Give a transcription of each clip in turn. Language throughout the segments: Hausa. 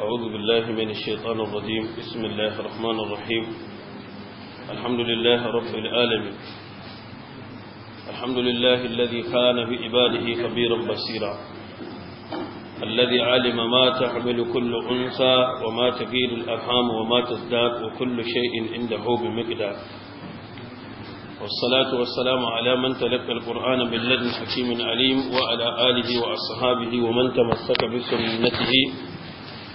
أعوذ بالله من الشيطان الرجيم بسم الله الرحمن الرحيم الحمد لله رب العالمين الحمد لله الذي كان بعباده خبيرا بصيرا الذي علم ما تحمل كل أنثى وما تفيد الأرحام وما تزداد وكل شيء عنده بمقدار والصلاة والسلام على من تلقى القرآن باللدن حكيم عليم وعلى آله وأصحابه ومن تمسك بسنته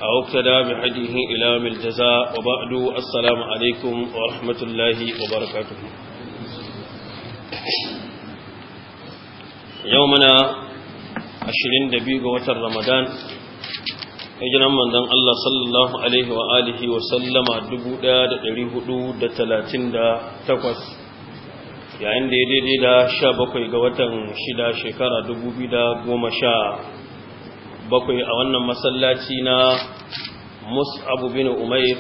أو اقتدى بهديه إلى من الجزاء وبعد السلام عليكم ورحمة الله وبركاته يومنا عشرين دبيق وتر رمضان hijiran manzon Allah sallallahu alaihi wa alihi wa sallama 1438 yayin da ya daidai da 17 ga watan 6 shekara 2017 bakwai a wannan masallaci na mus'abu bin umair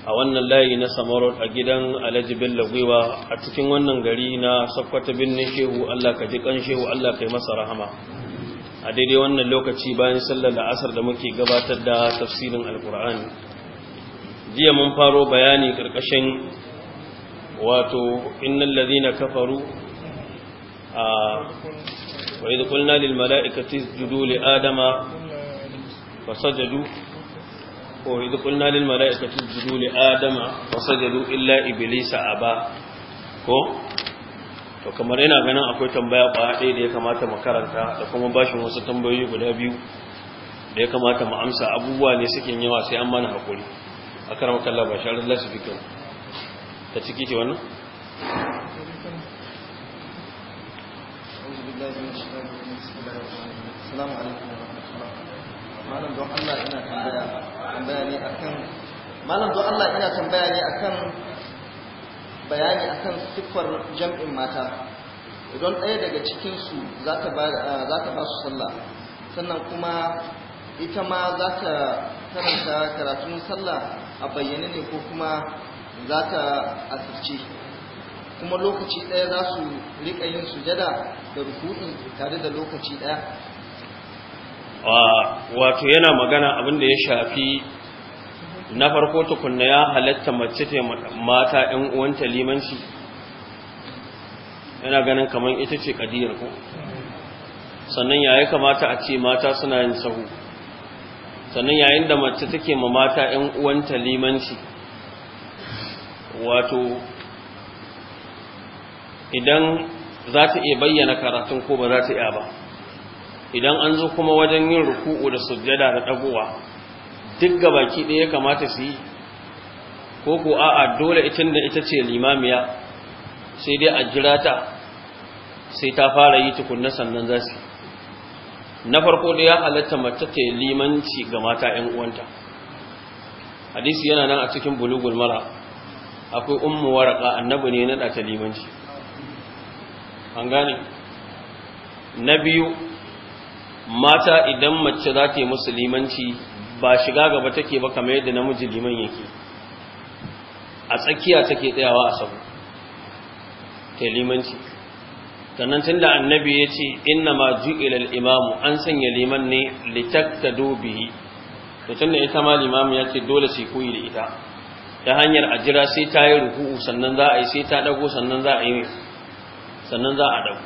a wannan layi na samarot a gidan alhaji bello gwiwa a cikin wannan gari na sakwata binne shehu allah ka ji kan shehu allah ka yi masa rahama a daidai wannan lokaci bayan sallar da asar da muke gabatar da tafsirin alkur'ani jiya mun faro bayani karkashin wato innal ladina kafaru a وإذ قلنا للملائكة اسجدوا لآدم فسجدوا وإذ قلنا للملائكة اسجدوا لآدم فسجدوا إلا إبليس أبا ko to kamar ina ganin akwai tambaya kwaya ɗaya da ya kamata mu karanta da kuma bashin wasu tambayoyi guda biyu da ya kamata mu amsa abubuwa ne suke yawa sai an mana hakuri a karamar kallaba sharar lasifikin ta ciki ce wannan Malam don Allah ina tambaya ne akan bayani akan siffar jam'in mata. Idan ɗaya daga cikinsu za ta ba su sallah, sannan kuma ita ma za ta karanta karatun sallah a bayyane ne ko kuma za ta asirce. kuma lokaci ɗaya za su riƙa yin sujada da ruku'i tare da lokaci ɗaya wato yana magana abin da ya shafi na farko tukunna ya halatta mace ta mata ɗan uwanta limanci yana ganin kamar ita ce ƙadiyar ko sannan yayi kamata a ce mata suna yin sahu sannan yayin da mace take ma mata ɗan uwanta limanci wato idan za ta iya bayyana karatun ko ba za ta iya ba idan an zo kuma wajen yin ruku'u da sujjada da dagowa duk gabaki ɗaya kamata su yi ko ko a'a dole itin da ita ce limamiya sai dai a jira ta sai ta fara yi tukunna sannan za su na farko da ya halatta mace ta limanci ga mata 'yan uwanta hadisi yana nan a cikin bulugul mara akwai ummu waraka annabi ne na da limanci an gane na biyu mata idan mace za ta yi musulmanci ba shiga gaba take ba kamar yadda namiji liman yake a tsakiya take tsayawa a sabu ta limanci sannan tun da annabi ya ce na ma ju'ilal imamu an sanya liman ne litattado dobe to tun da ita ma limamu ya ce dole sai koyi da ita ta hanyar ajira sai ta yi ruku'u sannan za a yi sai ta dago sannan za a yi sannan za a dago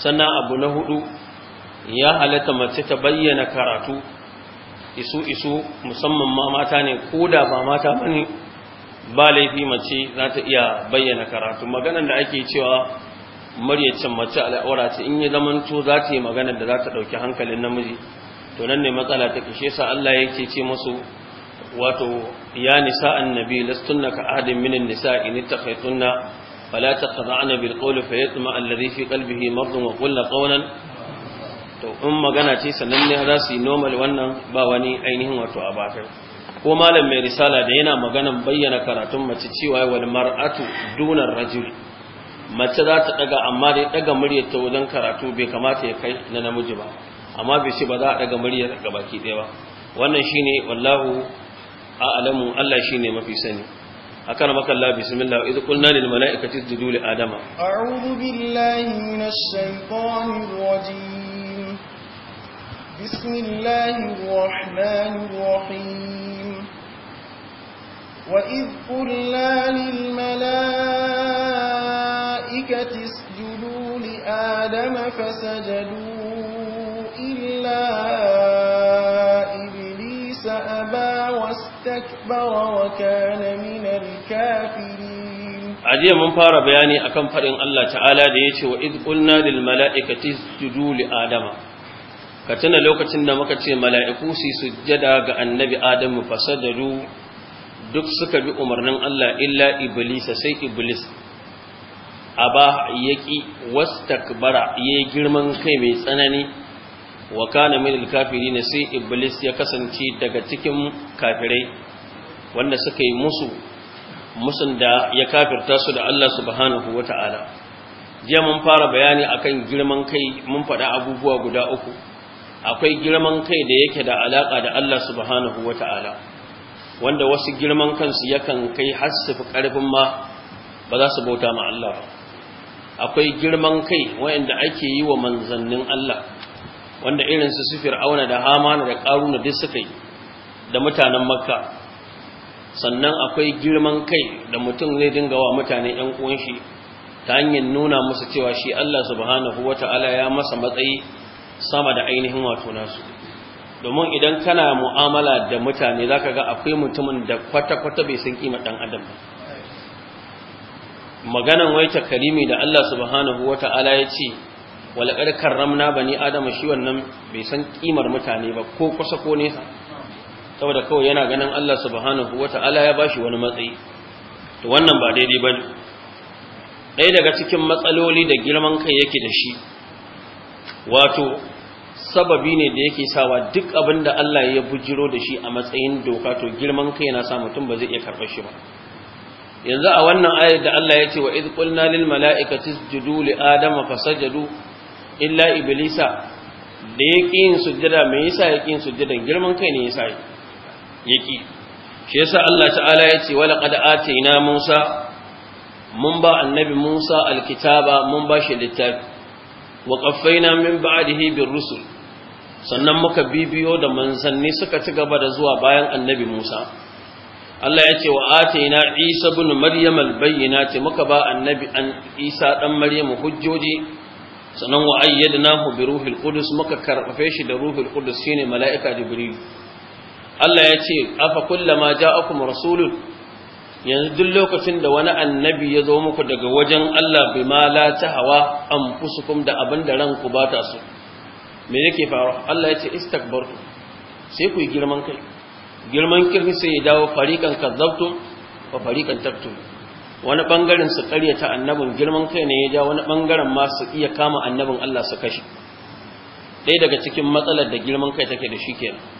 sannan abu na hudu ya halatta mace ta bayyana karatu isu isu musamman ma mata ne ko da ba mata bane ba laifi mace za ta iya bayyana karatu maganar da ake cewa maryacin mace al'aura ce in yi zamanto za ta yi maganar da za ta ɗauki hankalin namiji to nan ne matsala ta kashe sa Allah yake ce musu wato ya nisa annabi lastunna ka ahadin minin nisa in ittakhaytunna فلا تخضعن بالقول فيطمع الذي في قلبه مرض وقل قولا to in magana ce sannan ne za su yi normal wannan ba wani ainihin wato a bakai ko malam mai risala da yana maganan bayyana karatun mace cewa wal mar'atu dunar rajul mace za ta daga amma dai daga muryar ta wajen karatu bai kamata ya kai na namiji ba amma bai ce ba za a daga muryar ga baki ɗaya ba wannan shine wallahu a'lamu Allah shine mafi sani أكرمك الله بسم الله إذ قلنا للملائكة اسجدوا لآدم أعوذ بالله من الشيطان الرجيم بسم الله الرحمن الرحيم وإذ قلنا للملائكة اسجدوا لآدم فسجدوا إلا إبليس أبى واستكبر وكان من الْكَافِرِينَ اجي من فارا بياني اكن فدين الله تعالى ديتي واذ قلنا للملائكه اسجدوا لادم كتنا ده كتنا مكتي ملائكو سي سجدا النبي آدم فسجدوا duk suka bi umarnin Allah illa iblis sai iblis aba yaki wastakbara yayi girman kai mai tsanani wa kana min alkafirin sai iblis ya kasance daga cikin kafirai wanda suka yi musu musun da ya kafirta su da Allah subhanahu Ta'ala. jiya mun fara bayani akan girman kai mun faɗa abubuwa guda uku akwai girman kai da yake da alaƙa da Allah subhanahu Ta'ala, wanda wasu girman kansu yakan kai har su fi ma ba za su bauta ma Allah ba akwai girman kai wanda ake yi wa manzannin Allah wanda irin su su fir'auna da hamana da ƙaruna duk suka yi da mutanen makka sannan akwai girman kai da mutum zai dinga wa mutane ɗan uwan shi ta hanyar nuna musu cewa shi Allah subhanahu wata'ala ya masa matsayi sama da ainihin wato nasu domin idan kana mu'amala da mutane za ka ga akwai mutumin da kwata-kwata bai san kima ɗan adam maganan wai takarimi da Allah subhanahu ta'ala ya ce ramna karramna bani adama shi wannan bai san kimar mutane ba ko kusa ko nesa saboda kawai yana ganin Allah subhanahu wata'ala ya bashi wani matsayi to wannan ba daidai bane ɗaya daga cikin matsaloli da girman kai yake da shi wato sababi ne da yake sawa duk abin da Allah ya bujiro da shi a matsayin doka to girman kai yana sa mutum ba zai iya karɓar shi ba yanzu a wannan ayar da Allah ya ce wa idh qulna lil mala'ikati isjudu li adama fasajadu illa iblisa da yake yin sujjada me yasa yake yin girman kai ne yasa yake yaki shi yasa Allah ta'ala ya ce wala qad atayna Musa mun ba annabi Musa alkitaba mun ba shi littafi wa qaffaina min ba'dihi bir rusul sannan muka bibiyo da manzanni suka ci gaba da zuwa bayan annabi Musa Allah ya ce wa atayna Isa ibn Maryam albayyinati muka ba annabi an Isa dan Maryam hujjoji sannan wa ayyadnahu bi ruhil qudus muka karfafe shi da ruhil qudus shine mala'ika jibril Allah ya ce ma ja ja'akum rasulun yanzu duk lokacin da wani annabi ya zo muku daga wajen Allah bi ma la an anfusukum da abin da ranku ba ta so me yake faruwa Allah ya ce istakbartu sai ku yi girman kai girman kirki sai ya dawo fariqan kadzabtum wa fariqan taktum wani bangaren su ƙaryata annabin girman kai ne ya ja wani bangaren ma su iya kama annabin Allah su kashe ɗaya daga cikin matsalar da girman kai take da shi kenan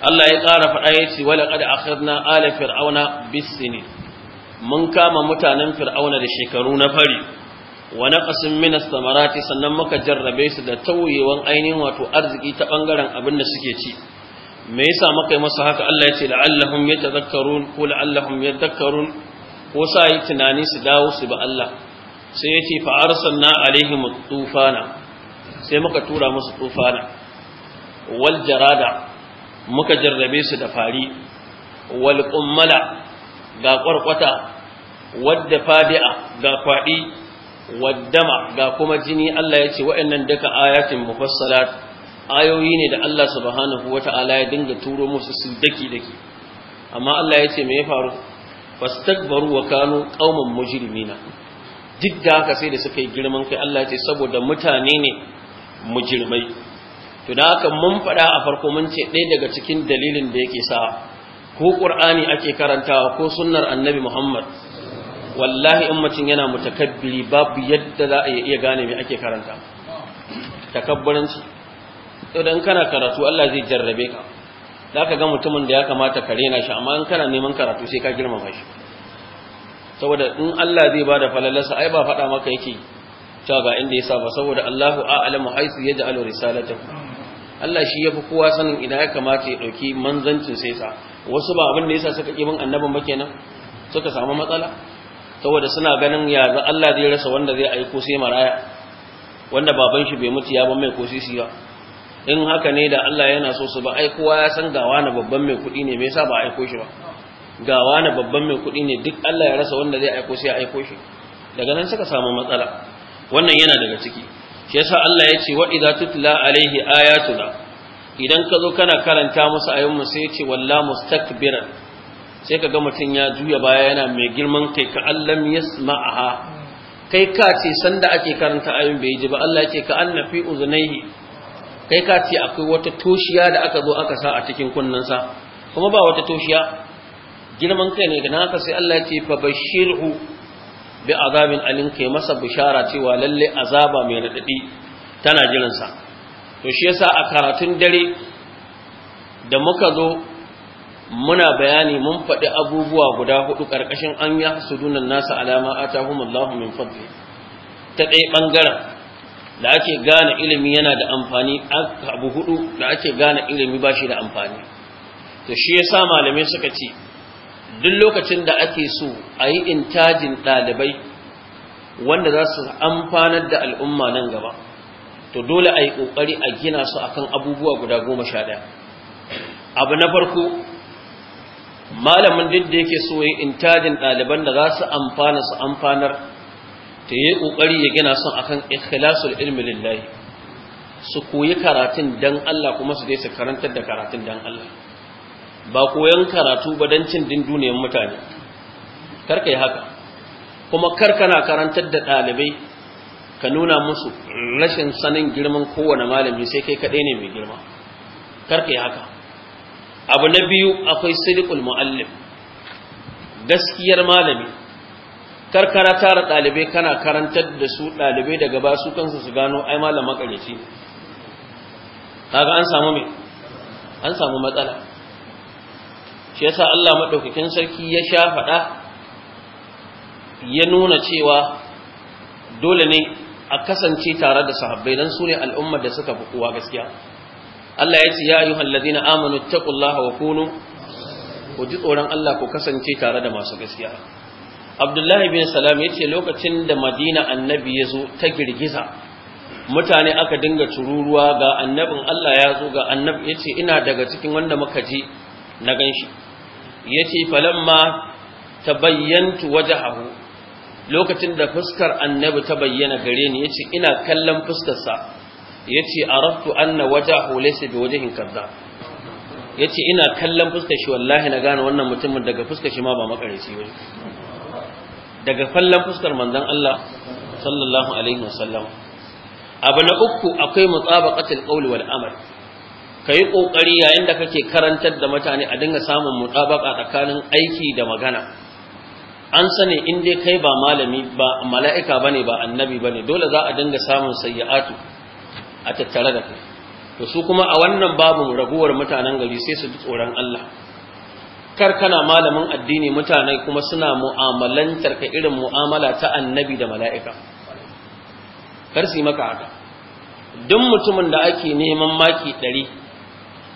Allah ya ƙara faɗa ya ce wala qad akhadna ala fir'auna bisini mun kama mutanen fir'auna da shekaru na fari wa naqasin min as-samarati sannan muka jarrabe su da tauyewan ainihin wato arziki ta bangaren abin da suke ci me yasa muka yi masa haka Allah ya ce la'allahum yatadhakkarun ko la'allahum yadhakkarun ko sa yi tunani su dawo su ba Allah sai ya ce fa arsalna alaihim tufana sai muka tura musu tufana wal jarada muka jarrabe su da fari wal qummala ga kwarkwata wadda fadi'a ga fadi waddama ga kuma jini Allah ya ce waɗannan duka ayatin mufassalat ayoyi ne da Allah subhanahu wata'ala ya dinga turo musu su daki daki amma Allah ya ce me ya faru fastakbaru wa kanu qauman mujrimina duk da haka sai da suka yi girman kai Allah ya ce saboda mutane ne mujrimai to da mun faɗa a farko mun ce ɗaya daga cikin dalilin da yake sa ko ƙur'ani ake karantawa ko sunnar annabi muhammad wallahi in mutum yana mutakabbiri babu yadda za a iya gane me ake karanta takabburanci idan kana karatu Allah zai jarrabe ka za ka ga mutumin da ya kamata ka rena shi amma in kana neman karatu sai ka girmama shi saboda in Allah zai ba bada falalarsa ai ba faɗa maka yake cewa ga inda ya saba saboda Allahu a'lamu haythu yaj'alu risalatahu Allah shi ya fi kowa sanin idan ya kamata ya ɗauki manzancin sai sa wasu ba abin da ya sa suka ƙi min annabin ba kenan suka samu matsala saboda suna ganin ya za Allah zai rasa wanda zai aiko sai maraya wanda baban shi bai mutu ya ban mai ko sisi ba in haka ne da Allah yana so su ba ai kowa ya san gawa na babban mai kuɗi ne me yasa ba aiko shi ba gawa na babban mai kuɗi ne duk Allah ya rasa wanda zai aiko sai aiko shi daga nan suka samu matsala wannan yana daga ciki shi yasa Allah ya ce wa idza tutla alaihi ayatuna idan ka zo kana karanta musu ayoyin mu sai ya ce walla mustakbiran sai kaga mutun ya juya baya yana mai girman kai ka allam yasma'aha kai ka ce sanda ake karanta ayoyin bai ji ba Allah ya ce ka anna fi uzunaihi kai ka ce akwai wata toshiya da aka zo aka sa a cikin kunnensa kuma ba wata toshiya girman kai ne ga naka sai Allah ya ce fa bashirhu bi azabin alin kai masa bishara cewa lalle azaba mai radadi tana jiransa to shi yasa a karatun dare da muka zo muna bayani mun faɗi abubuwa guda hudu ƙarƙashin an ya sudunan nasa alama Allahu min fadli ta ɗaya ɓangaren da ake gane ilimi yana da amfani abu hudu da ake gane ilimi ba shi da amfani to shi yasa malamai suka ce duk lokacin da ake so a yi intajin ɗalibai wanda za su amfanar da al'umma nan gaba to dole a yi ƙoƙari a gina su akan abubuwa guda goma sha ɗaya abu na farko malamin duk da yake so ya yi intajin ɗaliban da za su amfana su amfanar ta yi ƙoƙari ya gina su akan ikhlasul ilmi lillahi su koyi karatun dan Allah kuma su dai su karantar da karatun dan Allah ba koyon karatu ba don cin dinduniyar mutane karka yi haka kuma karkana karantar da ɗalibai ka nuna musu rashin sanin girman kowane malami sai kai kaɗai ne mai girma karka yi haka abu na biyu akwai sidikul mu'allim gaskiyar malami karkara tara ɗalibai kana karantar da su ɗalibai daga ba su kansu su gano ai malam makareci kaga an samu me an samu matsala shi yasa Allah madaukakin sarki ya sha faɗa ya nuna cewa dole ne a kasance tare da sahabbai dan su ne al'ummar da suka fi kowa gaskiya Allah ya ce ya ayyuhal ladina amanu taqullaha wa kunu ku ji tsoron Allah ku kasance tare da masu gaskiya Abdullahi bin Salam ya ce lokacin da Madina annabi ya zo ta girgiza mutane aka dinga tururuwa ga annabin Allah ya zo ga annabi ya ce ina daga cikin wanda muka ji na ganshi ta bayyantu waje wajhahu lokacin da fuskar annabi ta bayyana gare ni ya ce ina kallon fuskarsa. Ya ce, a araftu anna waje wajhahu laysa biwajhin Ya ce ina kallon fuskar shi wallahi na gane wannan mutumin daga fuskar shi ma ba makareci ba. daga fallon fuskar manzon Allah sallallahu alaihi wasallam abu na uku akwai mutabaqatul qawli wal amal ka yi ƙoƙari yayin da kake karantar da mutane a dinga samun mutabaka tsakanin aiki da magana an sani in dai kai ba malami ba mala'ika bane ba annabi bane dole za a dinga samun sayyatu a tattare da kai to su kuma a wannan babu raguwar mutanen gari sai su ji tsoron Allah kar kana malamin addini mutane kuma suna mu'amalantar ka irin mu'amala ta annabi da mala'ika kar su yi maka haka duk mutumin da ake neman maki ɗari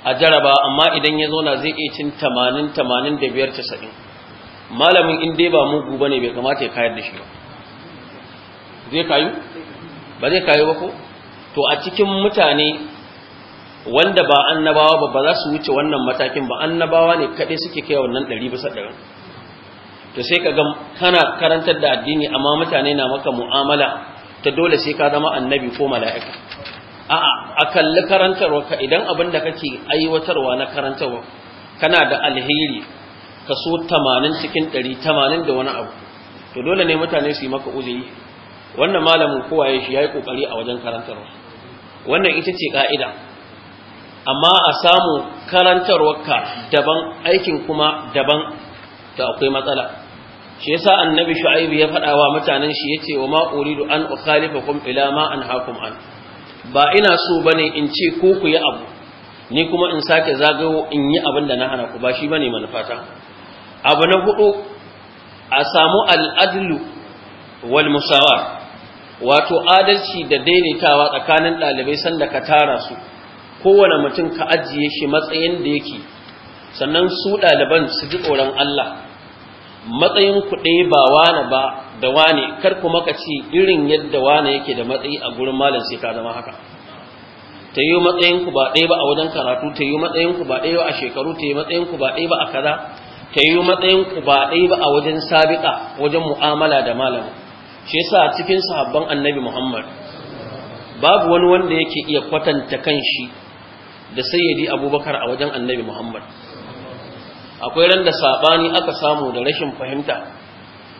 a jaraba amma idan ya zo na zai iya cin tamanin tamanin da biyar casa'in malamin in dai ba mugu ne bai kamata ya kayar da shi ba zai kayu ba zai kayu ba ko to a cikin mutane wanda ba annabawa ba ba za su wuce wannan matakin ba annabawa ne kaɗai suke kai wannan ɗari bisa ɗarin to sai ka ga kana karantar da addini amma mutane na maka mu'amala ta dole sai ka zama annabi ko mala'ika a'a a kalli karantarwa ka idan abin da kake aiwatarwa na karantarwa kana da alheri ka so 80 cikin dari tamanin da wani abu to dole ne mutane su yi maka uzuri wannan malamin kowa ya shi yayi kokari a wajen karantarwa wannan ita ce ka'ida amma a samu karantarwarka daban aikin kuma daban ta akwai matsala shi yasa annabi shu'aibu ya faɗa wa mutanen shi yace wa ma uridu an ukhalifakum ila ma anhaakum an ba ina so ba ne in ce ko ku yi abu ni kuma in sake zagayo in yi abin da na hana ku ba shi ne manufata abu na hudu a samu al'adlu wal musawa wato adalci da daidaitawa tsakanin ɗalibai sanda ka tara su kowane mutum ka ajiye shi matsayin da yake sannan su ɗaliban su ji tsoron Allah matsayin ku ɗaya ba wane ba da wane kar kuma ka ci irin yadda wane yake da matsayi a gurin malam sai ka zama haka ta yi matsayin ku ba ɗaya ba a wajen karatu ta yi matsayin ku ba ɗaya ba a shekaru ta yi matsayin ku ba ɗaya ba a kaza ta yi matsayin ku ba ɗaya ba a wajen sabiƙa wajen mu'amala da malam shi yasa cikin sahabban annabi Muhammad babu wani wanda yake iya kwatanta kanshi da sayyidi Abubakar a wajen annabi Muhammad akwai ran da sabani aka samu da rashin fahimta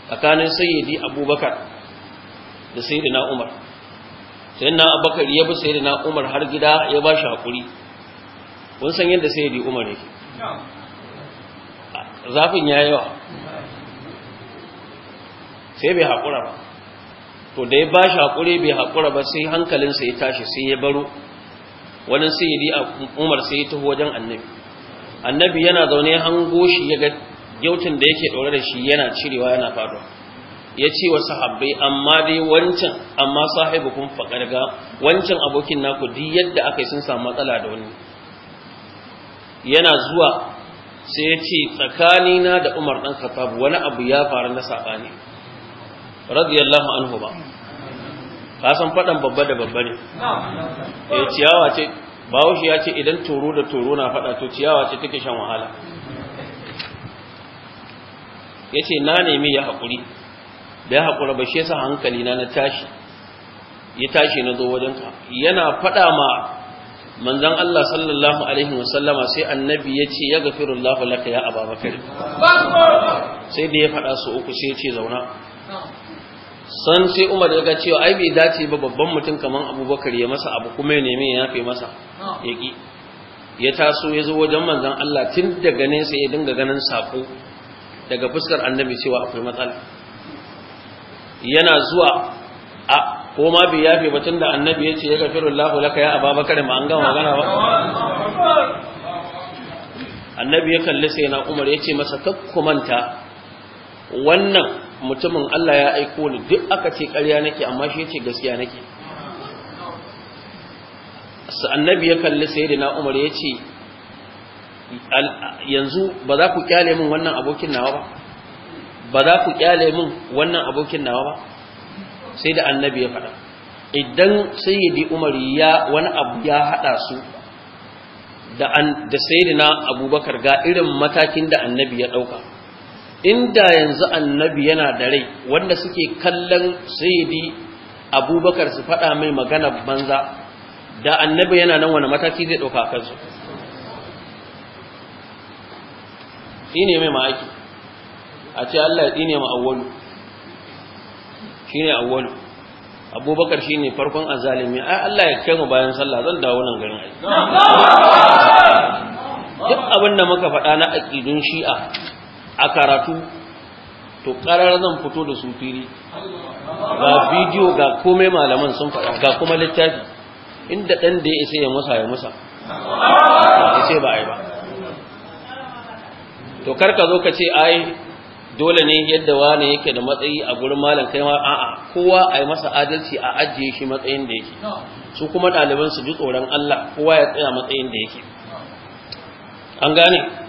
tsakanin sayyidi abubakar da sayyidina umar sayyidina abubakar ya bi sayyidina umar har gida ya ba shi haƙuri. kun san yadda sayyidi umar yake zafin ya yawa sai bai haƙura ba to da ya ba shi haƙuri bai haƙura ba sai hankalinsa ya tashi sai ya baro wani sayyidi umar sai ya taho wajen annabi annabi yana zaune an goshi ya ga yautin da yake ɗaure da shi yana cirewa yana fado ya ce wa sahabbai amma dai wancan amma sahibu kun faƙarga wancan abokin naku di yadda aka yi sun samu matsala da wani yana zuwa sai ya ce tsakanina da umar ɗan khattab wani abu ya faru na saɓani radiyallahu anhu ba ka san faɗan babba da babba ne ya eh, ciyawa ce bahaushe ya ce idan toro da toro na faɗa to ciyawa ce take shan wahala ya ce na nemi ya haƙuri da ya haƙura ba shi yasa hankali na na tashi ya tashi na zo wajen ka. yana faɗa ma manzan Allah sallallahu alaihi wasallama sai annabi ya ce ya gafiru Allah laka ya ababakar sai da ya faɗa su uku sai ya ce zauna san sai umar daga ga cewa ai bai dace ba babban mutum kamar abubakar ya masa abu kuma ya nemi ya yafe masa ya ki ya taso ya zo wajen manzan Allah tun daga nesa ya dinga ganin sako daga fuskar annabi cewa akwai matsala yana zuwa a ko ma bai yafe ba tun da annabi ya ce ya gafiru Allah laka ya ababakar ma an gama magana ba annabi ya kalli sai na umar ya ce masa kakkumanta wannan mutumin Allah ya aiko ni duk aka ce ƙarya nake amma shi yace gaskiya nake annabi ya kalli sayyidina Umar yace yanzu ba za ku kyale min wannan abokin nawa ba ba za ku kyale min wannan abokin nawa ba sai da annabi ya faɗa idan sayyidi Umar ya wani abu ya hada su da da sayyidina Abubakar ga irin matakin da annabi ya dauka inda yanzu annabi yana da rai wanda suke kallon sayyidi abubakar su faɗa mai magana banza da annabi yana nan wani mataki zai ɗauka kansu shi ne mai ma'aiki a ce allah ya tsine ma'awwalu shi ne awwalu abubakar shi ne farkon azalimi ai allah ya kai mu bayan sallah zan dawo nan garin aiki duk abin da muka faɗa na aƙidun shi'a a karatu to karar zan fito da su ga bidiyo ga komai malaman sun faɗa ga kuma littafi inda ɗan da ya isa ya musa ya musa ya ce ba a yi ba to karka zo ka ce ai dole ne yadda wane yake da matsayi a gurin malam kai ma a'a kowa a yi masa adalci a ajiye shi matsayin da yake su kuma ɗaliban su ji tsoron Allah kowa ya tsaya matsayin da yake an gane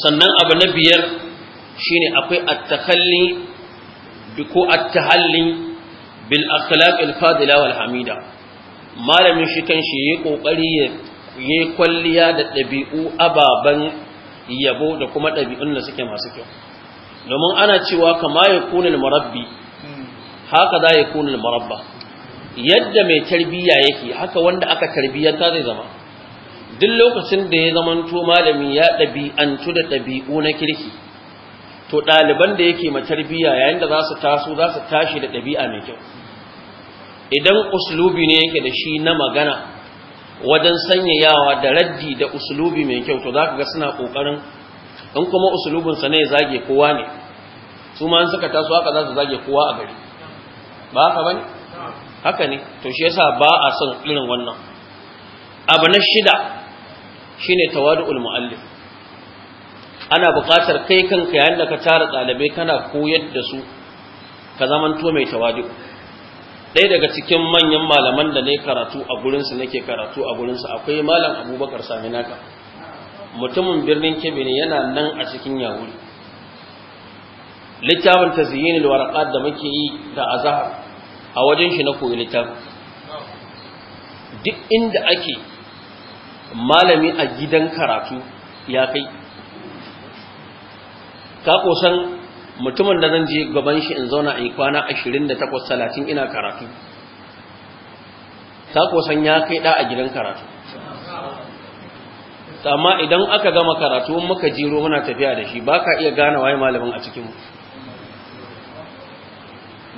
sannan abu na biyar shine akwai attakalli ko attahallin bil akhlaq al-fadila wal hamida malamin shi kanshi yayi kokari yayi kwalliya da dabi'u ababan yabo da kuma dabi'un da suke masu kyau domin ana cewa kama ya al-murabbi haka za yakunu al-murabba yadda mai tarbiyya yake haka wanda aka tarbiyyar ta zai zama duk lokacin da ya zamanto malami ya ɗabi'antu da ɗabi'u na kirki to ɗaliban da yake matarbiya yayin da za su taso za su tashi da ɗabi'a mai kyau idan uslubi ne yake da shi na magana wajen sanyayawa da raddi da uslubi mai kyau to za ka ga suna ƙoƙarin in kuma usulubinsa ne zage kowa ne su ma suka taso haka za su zage kowa a gari ba haka ba ne haka ne to shi yasa ba a son irin wannan abu na shida shine tawadu'ul muallim ana buƙatar kai kanka yayin da ka tara ɗalibai kana koyar da su ka zamanto mai tawadu ɗaya daga cikin manyan malaman da ne karatu a gurinsu nake karatu a gurinsu akwai malam abubakar saminaka mutumin birnin kebe ne yana nan a cikin yawuri littafin ta ziyini da muke yi da azahar a wajen shi na koyi littafin duk inda ake malami a gidan karatu ya kai ka kosan mutumin da zan je gaban shi in zauna yi kwana 28 30 ina karatu ka kosan ya kai da a gidan karatu amma idan aka gama karatu muka jiro muna tafiya da shi ba ka iya gane waye malamin a cikin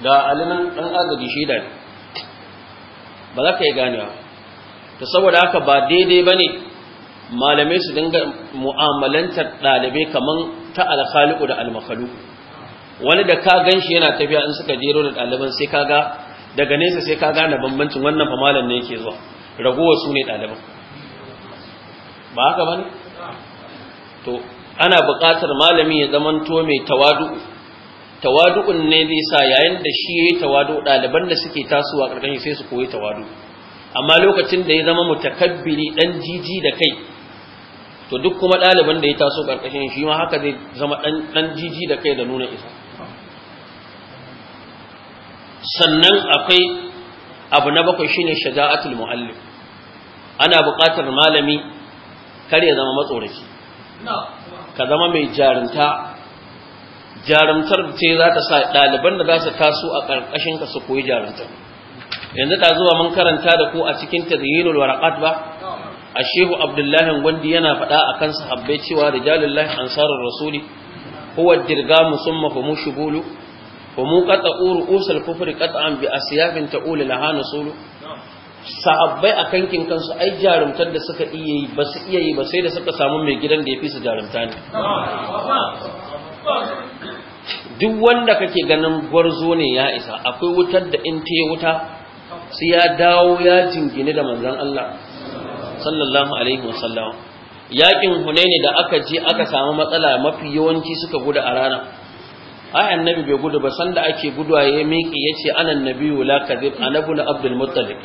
Da ga alinan dan agaji shida ne ba za ka yi ganewa to saboda haka ba daidai bane malamai su dinga mu'amalantar ɗalibai kamar ta Alkaliu da Almakalu, wani da ka ganshi yana tafiya in suka jero da ɗaliban sai kaga daga nesa sai ka gane bambancin wannan fa malam ne yake zuwa ragowar su ne ɗaliban ba haka bane to ana buƙatar malami ya zamanto mai tawadu tawadu'un ne zai sa yayin da shi yayi tawadu ɗaliban da suke tasowa ƙarƙashin sai su koyi tawadu' amma lokacin da ya zama mutakabbiri dan jiji da kai to duk kuma ɗaliban da ya taso ƙarƙashin shi ma haka zai zama ɗan jiji da kai da nuna isa sannan akwai abu na bakwai shine shaja'atul muallim ana buƙatar malami kar ya zama matsoraci ka zama mai jarumta jarumtar ce za ta sa ɗaliban da za su taso a ƙarƙashin ka su koyi jarumtar yanzu ta zuwa mun karanta da ku a cikin tadhilul waraqat ba A shehu abdullahi gwandi yana faɗa akan sahabbai cewa rijalullahi Ansarar rasuli huwa dirgamu summa humu shubulu humu qata'u ru'usul kufri qat'an bi asyabin ta'ul laha Sulu. sahabbai a kankin kansu ai jarumtar da suka iya yi ba su iya yi ba sai da suka samu mai gidan da ya fi su jarumta ne duk wanda kake ganin gwarzo ne ya isa akwai wutar da in ta yi wuta sai ya dawo ya jingine da manzon Allah sallallahu alaihi wasallam yakin hunaini da aka je aka samu matsala mafi yawanci suka gudu a rana ai annabi bai gudu ba sanda ake guduwa ya miƙi yace anan nabiyyu la kadhib anabu na abdul muttalib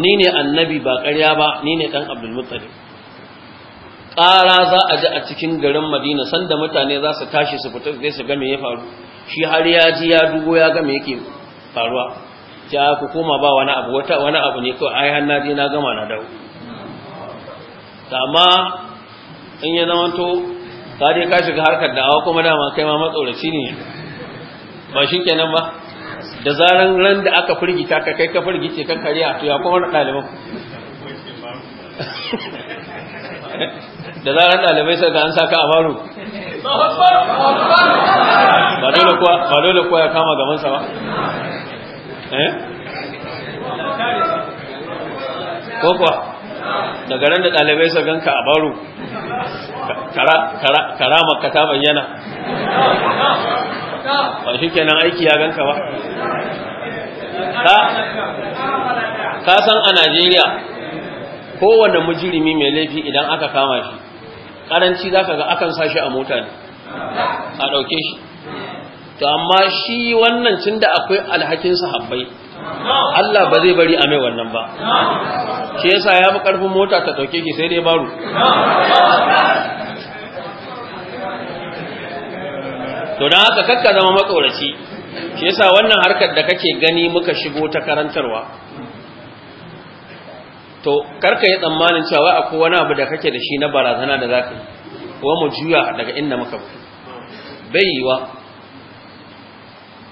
ni ne annabi ba ƙarya ba ni ne dan abdul muttalib ƙara za a ji a cikin garin madina sanda mutane za su tashi su fita zai su ga me ya faru shi har ya ji ya dugo ya ga me yake faruwa ja ku koma ba wani abu wata wani abu ne kawai ai har na na gama na dawo amma in ya zamanto ka je ka shiga harkar da da'awa kuma dama kai ma matsoraci ne ba shi kenan ba da zaran ran da aka firgita ka kai ka firgice ka kariya to ya kuma ɗaliban da zaran ɗalibai sai ga an saka a baro ba dole kuwa ya kama gabansa ba eh ko kuwa daga ran da ɗalibai su ganka a baro kara ka ta bayyana ba shi kenan aiki ya ganka ba ka san a najeriya kowane mujirimi mai laifi idan aka kama shi ƙaranci za ka ga akan sashi a mota ne a ɗauke shi to amma shi wannan cin da akwai alhakin sahabbai Allah ba zai bari a mai wannan ba shi yasa ya fi karfin mota ta dauke ki sai dai baro to dan haka kakka zama matsoraci shi yasa wannan harkar da kake gani muka shigo ta karantarwa to karka yi tsammanin cewa akwai wani abu da kake da shi na barazana da zaka yi kuma mu juya daga inda muka bai yi wa?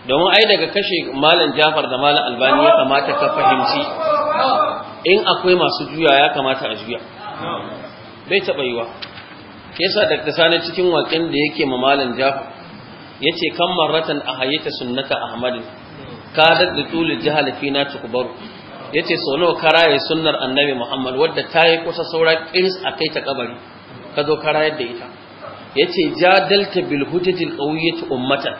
domin ai daga kashe malam jafar da malam albani ya kamata ka fahimci in akwai masu juya ya kamata a juya bai taɓa yiwa sa da kasane cikin waƙin da yake ma malam jafar ya ce kan maratan a hayyata sunnata ahmadin ka da tulul jihar fi na tukubaru ya ce sau nawa ka raya sunnar annabi muhammad wadda ta yi kusa saura kiris a kai ta kabari ka zo rayar da ita yace jadalta bil hujjatil qawiyyah ummata.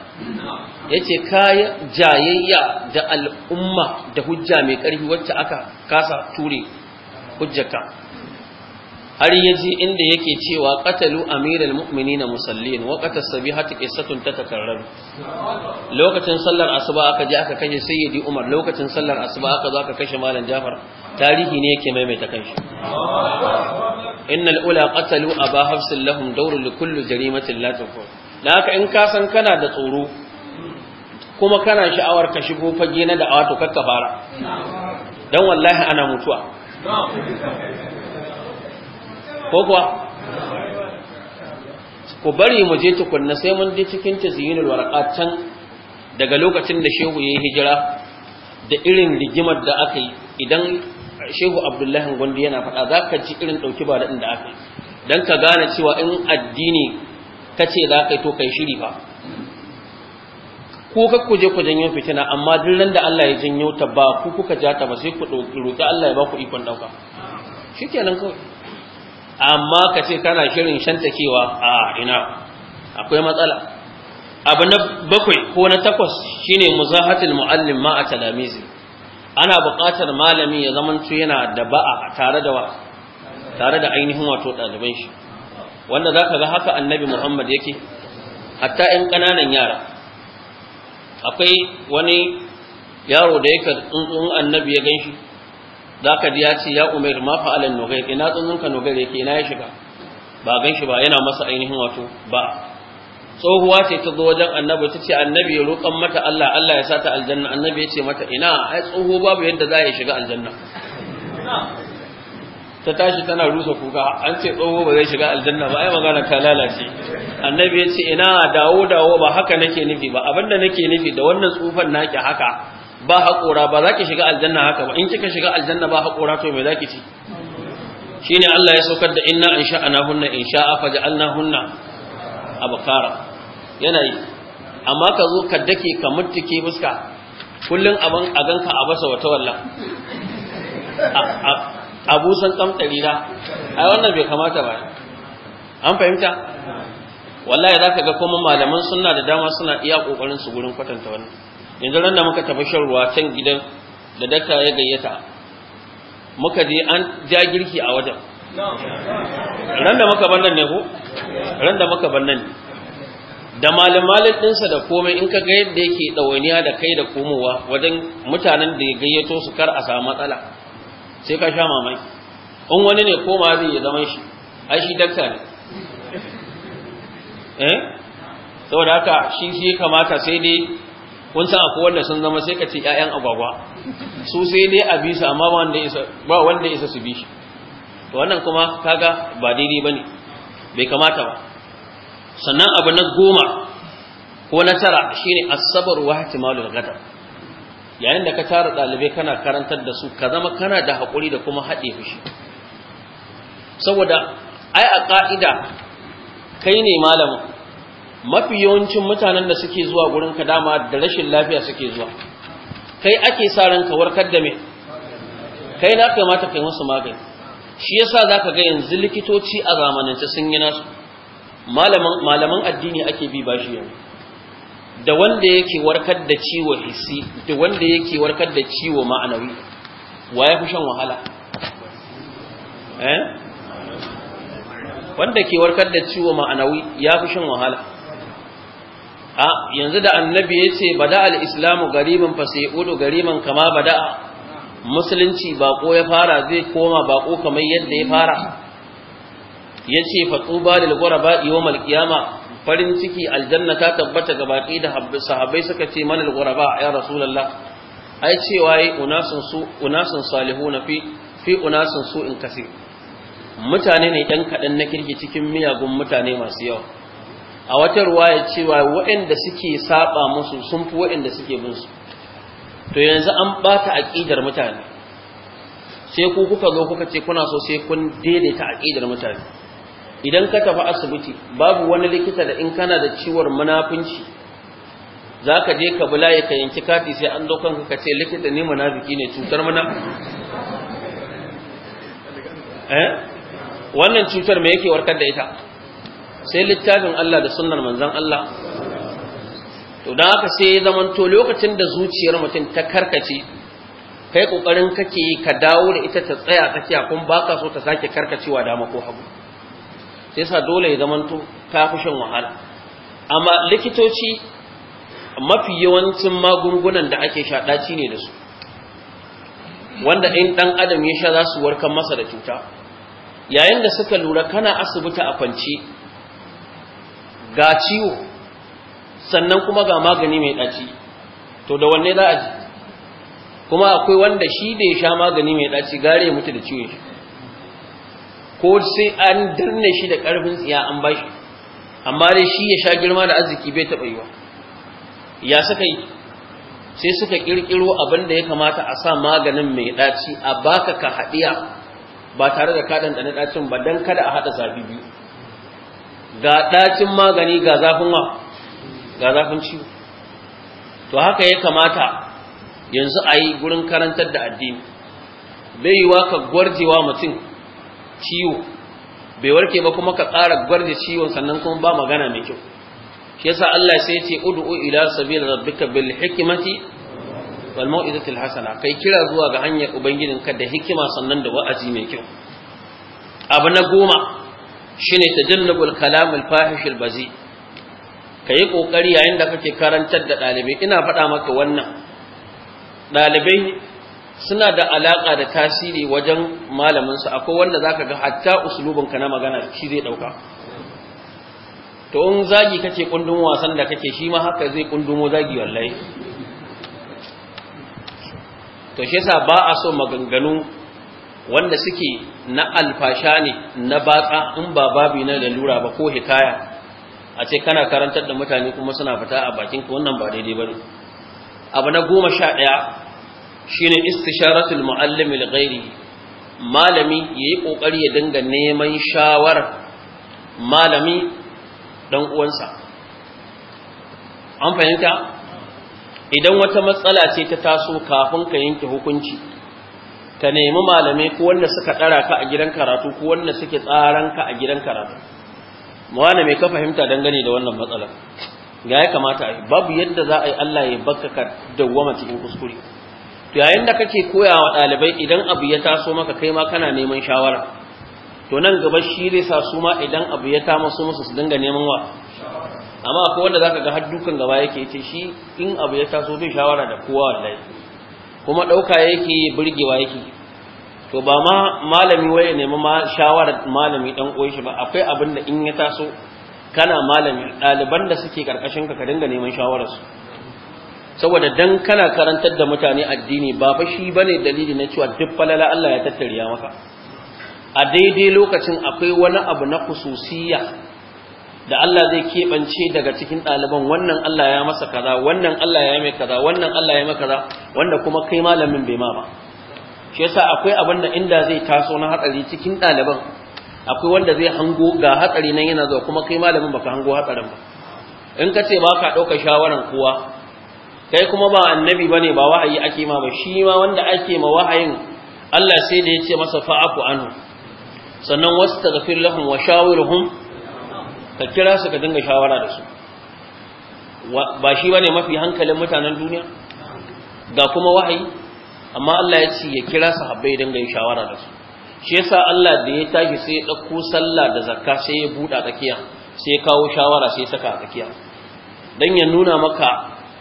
yace kaya jayayya da al'umma da hujja mai karfi wacce aka kasa ture hujjaka har yaji inda yake cewa qatalu amiral mu'minina musallin wa qatas sabihatu qissatun tatakarrar lokacin sallar asuba aka je aka kashe sayyidi umar lokacin sallar asuba aka zo aka kashe malam jafar tarihi ne yake maimaita kanshi innal ula qatalu aba hafsin lahum dawru li kulli jarimatin la tafur dan haka in ka san kana da tsoro kuma kana sha'awar ka shigo fage na da awato ka fara dan wallahi ana mutuwa ko kuwa ku bari mu je tukunna sai mun je cikin tazyinul warqat can daga lokacin da shehu yayi hijira da irin rigimar da aka yi idan shehu abdullahi Gondi yana faɗa za ka ci irin ɗauki ba daɗin da aka yi don ka gane cewa in addini ka ce za ka yi to kai shiri ba ko kakku je ku janyo fitina amma duk ran da Allah ya janyo ta ba ku kuka ja ta ba sai ku roƙi Allah ya ba ku ikon ɗauka shikenan kawai amma ka ce kana shirin shanta shantakewa a ina akwai matsala abu na bakwai ko na takwas shine muzahatul muallim ma a talamizi ana buƙatar malami ya zamanto yana da ba'a tare da tare da ainihin wato ɗaliban shi wanda za ka ga haka annabi muhammad yake hatta 'yan ƙananan yara akwai wani yaro da yake tsuntsun annabi ya ganshi? shi za ka ji ya ce ya umar ma fa'alan nugair ina ka nugair yake ina ya shiga ba ganshi ba yana masa ainihin wato ba tsohuwa ce ta zo wajen annabi ta ce annabi ya roƙon mata Allah Allah ya sata aljanna annabi ya ce mata ina ai tsoho babu yadda za ya shiga aljanna ta tashi tana rusa kuka an ce tsoho ba zai shiga aljanna ba ai magana ta lalace annabi ya ce ina dawo dawo ba haka nake nufi ba abinda nake nufi da wannan tsufan naki haka ba haƙora ba za ki shiga aljanna haka ba in kika shiga aljanna ba haƙora to me za ki ci shine Allah ya saukar da inna in hunna insha'a sha'a faja'alna hunna abakara yana yi amma ka zo ka dake ka mutuke fuska kullun abin a ganka a basa wata wallan a san kamtsari da ai wannan bai kamata ba an fahimta wallahi zaka ga kuma malaman sunna da dama suna iya kokarin su gurin kwatanta wannan yanzu ran da muka tafi shan ruwa can gidan da dakta ya gayyata muka je an ja girki a wajen ran da maka bannan ne ko ran da maka bannan ne da malamalin ɗinsa da komai in ka ga yadda yake ɗawainiya da kai da komowa wajen mutanen da ya gayyato su kar a samu matsala sai ka sha mamaki in wani ne koma zai ya zama shi ai shi dakta ne eh saboda haka shi sai kamata sai dai kun san akwai wanda sun zama sai ka ce ƴaƴan agwagwa su sai dai a bisa amma ba wanda isa su bi shi to wannan kuma kaga ba daidai bane bai kamata ba sannan abu na goma ko na tara shine asabar wa ihtimalul ghadab yayin da ka tara ɗalibai kana karantar da su ka zama kana da hakuri da kuma haɗe fushi saboda ai a ka'ida kai ne malamin mafi yawancin mutanen da suke zuwa gurin ka dama da rashin lafiya suke zuwa kai ake sa ranka warkar da me kai na kamata kai musu magani shi yasa zaka ga yanzu likitoci a zamanance sun yi nasu malaman malaman addini ake bi bashi yanzu da wanda yake warkar da ciwo hissi da wanda yake warkar da ciwo ma'anawi wa ya fi shan wahala eh wanda ke warkar da ciwo ma'anawi ya fi shan wahala a yanzu da annabi ya ce bada al-islamu gariman fa sai udu gariban kama bada musulunci bako ya fara zai koma bako kamar yadda ya fara ya ce ba da lagwara ba iyo malkiyama farin ciki aljanna ta tabbata ga baƙi da sahabai suka ce mana lagwara ba a yan rasulallah ai cewa yi unasun salihu na fi unasun su in kasi mutane ne ɗan kaɗan na kirki cikin miyagun mutane masu yawa a wata ruwa ya cewa waɗanda suke saba musu sun fi waɗanda suke bin su to yanzu an bata aqidar mutane sai ku kuka zo kuka ce kuna so sai kun daidaita aqidar mutane idan ka tafi asibiti babu wani likita da in kana da ciwon munafunci zaka je ka bula ya yanki kati sai an dokan ka ce likita ne munafiki ne cutar mana eh wannan cutar me yake warkar da ita sai littafin Allah da sunnar manzon Allah to da aka sai ya zamanto lokacin da zuciyar mutum ta karkace kai kokarin kake ka dawo da ita ta tsaya tafiya kun baka so ta sake karkacewa dama ko hagu sai sa dole ya zamanto ta kushin wahala amma likitoci mafi yawancin magungunan da ake sha ɗaci ne da su wanda in ɗan adam ya sha za su warkar masa da cuta yayin da suka lura kana asibiti a kwance ga ciwo sannan kuma ga magani mai ɗaci to da wanne za a ji kuma akwai wanda shi da ya sha magani mai ɗaci gare ya mutu da ciwon shi ko sai an danne shi da ƙarfin tsiya an ba shi, amma dai shi ya sha girma da arziki bai taɓa yi wa? ya suka yi sai suka ƙirƙiro abin da ya kamata a sa maganin mai ɗaci a baka ka haɗiya ba tare da kaɗan ɗanɗacin ba don kada a haɗa zafi biyu ga ɗacin magani ga zafin wa ga zafin ciwo to haka ya kamata yanzu a yi gurin karantar da addini bai yiwa ka gwarjewa mutum ciwo bai warke ba kuma ka ƙara gwarje ciwon sannan kuma ba magana mai kyau shi yasa Allah sai ya ce ud'u ila sabila rabbika bil hikmati wal mau'izati al hasana kai kira zuwa ga hanyar ubangijinka da hikima sannan da wa'azi mai kyau abu na goma shine tajannabul kalam al fahish al bazi ka yi ƙoƙari yayin da kake karantar da ɗalibai ina faɗa maka wannan ɗalibai suna da alaƙa da tasiri wajen malaminsu akwai wanda zaka ga hatta usulubinka na magana shi zai ɗauka to in zagi kake kundin wasan da kake shi ma haka zai kundumo zagi wallahi to shi yasa ba a so maganganu wanda suke na alfasha ne na batsa in ba babi na lalura ba ko hikaya a ce kana karantar da mutane kuma suna fita a bakinka? wannan ba daidai ba ne. abu na goma sha ɗaya shine istisharatul muallimi li ghairi malami yayi ƙoƙari ya dinga neman shawarar malami dan uwansa an fahimta idan wata matsala ce ta taso kafin ka yanke hukunci ka nemi malamai ko wanda suka tsara ka a gidan karatu ko wanda suke tsaran ka a gidan karatu wane mai ka fahimta dangane da wannan matsala ga ya kamata babu yadda za a yi Allah ya baka ka dawwama cikin kuskure to yayin da kake koya wa ɗalibai idan abu ya taso maka kai ma kana neman shawara to nan gaba shi zai sa su ma idan abu ya ta maso musu su dinga neman wa amma akwai wanda zaka ga har dukan gaba yake ce shi in abu ya taso bai shawara da kowa wallahi kuma ɗauka yake burgewa yake to ba ma malami waye nemi ma shawarar malami dan uwan shi ba akwai abin da in ya taso kana malami ɗaliban da suke karkashin ka ka dinga neman shawararsu saboda dan kana karantar da mutane addini ba fa shi bane dalili na cewa duk falala Allah ya tattariya maka a daidai lokacin akwai wani abu na kususiya, da Allah zai keɓance daga cikin ɗaliban wannan Allah ya masa kaza wannan Allah ya mai kaza wannan Allah ya mai kaza wanda kuma kai malamin bai ma ba shi yasa akwai abin da inda zai taso na hatsari cikin ɗaliban akwai wanda zai hango ga hatsari nan yana zuwa kuma kai malamin baka hango hatsarin ba in ka ce ba ka ɗauka shawaran kowa kai kuma ba annabi bane ba wahayi ake ma ba shi ma wanda ake ma wahayin Allah sai da ya ce masa fa'aku anhu sannan wastaghfir lahum wa shawirhum ka kira su ka dinga shawara da su ba shi bane mafi hankalin mutanen duniya ga kuma wahayi amma Allah ya ce ya kira sahabbai dan yin shawara da su shi yasa Allah da ya tashi sai ya dauko sallah da zakka sai ya buɗa tsakiya sai ya kawo shawara sai ya saka a tsakiya dan ya nuna maka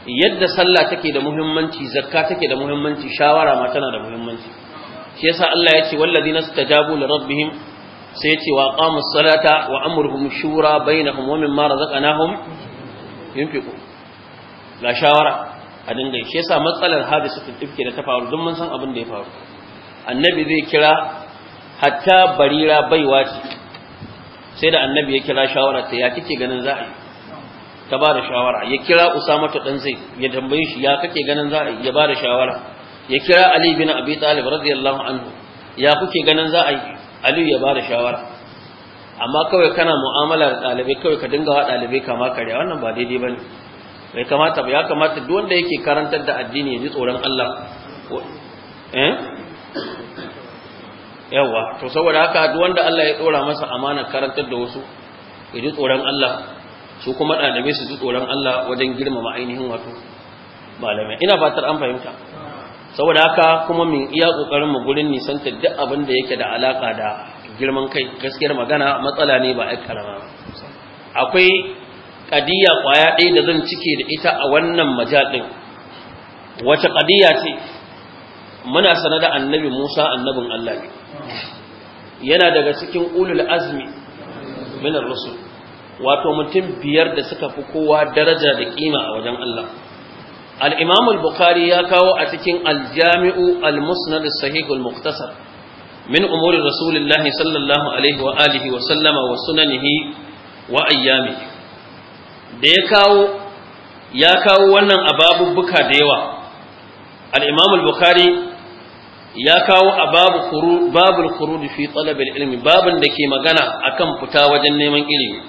yadda sallah take da muhimmanci zakka take da muhimmanci shawara ma tana da muhimmanci shi yasa Allah ya ce wallazina stajabu li rabbihim sai ya ce wa qamu salata wa amruhum shura bainahum wa mimma razaqnahum yunfiqu la shawara a dinga shi yasa matsalar hadisatul ifki da ta faru don mun san abin da ya faru annabi zai kira hatta barira baiwa ce sai da annabi ya kira shawara ta ya kike ganin za a yi ta ba da shawara ya kira usama ta dan zai ya tambaye shi ya kake ganin za a yi ya ba da shawara ya kira ali bin abi talib radiyallahu anhu ya kuke ganin za a yi ali ya ba da shawara amma kawai kana mu'amala da ɗalibai kawai ka dinga wa ɗalibai kama karya wannan ba daidai ba ne bai kamata ya kamata duk wanda yake karantar da addini ya ji tsoron Allah eh yawa to saboda haka duk wanda Allah ya dora masa amana karantar da wasu ya ji tsoron Allah su kuma dalibai su ji tsoron Allah wajen girmama ainihin wato malamai ina fatar an fahimta saboda haka kuma min iya kokarin mu gurin nisanta duk abin da yake da alaka da girman kai gaskiyar magana matsala ne ba ai karama akwai ƙadiyya ƙwaya ɗaya da zan cike da ita a wannan majaɗin. wace ƙadiyya ce muna sana da annabi musa annabin allah ne yana daga cikin ulul azmi minar rusu, wato mutum biyar da suka fi kowa daraja da kima a wajen allah al bukhari ya kawo a cikin aljami'u al-musnad sahihul sahih min umurin rasulillahi sallallahu alaihi wa alihi wa sallama wa sunanihi wa ayyamihi da ya kawo ya kawo wannan ababubbuka da yawa al-imam al-bukhari ya kawo a babul khuruj fi talab al-ilmi babun da ke magana akan fita wajen neman ilimi